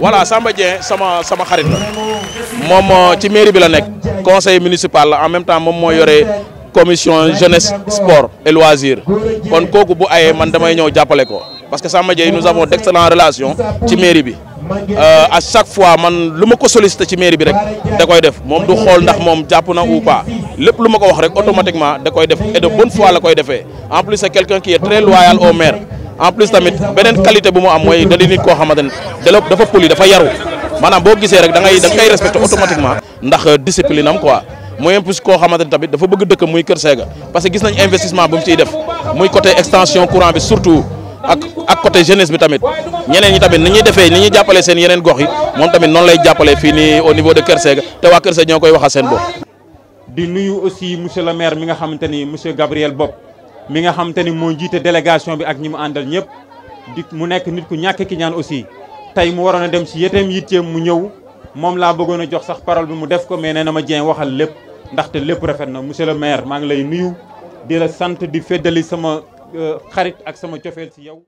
voilà Samba Dieng sama sama xarit Mom, moom euh, ci mairie bi la conseil municipal en même temps mom, moo yore commission jeunesse sport et loisirs. kon kooku bu ayee man damay ñëw jàppale ko parce que Samba Dieng nous avons d'excellentes relations ci mairie bi euh, à chaque fois man lu sollicite ko sollicité ci mairie bi rek da koy def Mom, du xool ndax mom, ou pas Le lu ma ko wax rek automatiquement da koy def et de bonne foi la koy en plus c'est quelqu'un qui est très loyal au maire en plus tamit benen qualité bu mu am moy da di nit koo xamante ne dafa poli dafa yaru manam bo gisee rek da ngay da ngay respecté automatiquement ndax discipline am quoi moy en plus ko xamantene tamit dafa bëgg dëkk muy Kër séga parce que gis nañ investissement bu mu ciy def muy côté extension courant bi surtout ak ak côté jeunesse bi tamit ñeneen ñi tamit ni ñuy défé ni ñuy jappalé seen yeneen gox yi mom tamit non lay jappalé fi ni au niveau de Kër séga té wa Kër séga ñokoy waxa seen bopp. di nuyu aussi monsieur le maire mi nga xamanteni monsieur Gabriel Bob mi nga xam te ni moo jiite délégation bi ak ñi mu àndal ñëpp di mu nekk nit ku ñàkk ki ñaan aussi tey mu waroon a dem ci yeteem yitteem mu ñëw moom laa bëggoon a jox sax parole bi mu def ko mais nee na ma Dieng waxal lépp ndaxte lépp rafet na monsieur le maire maa ngi lay nuyu di la sant di feddali sama euh, xarit ak sama cofeel si yow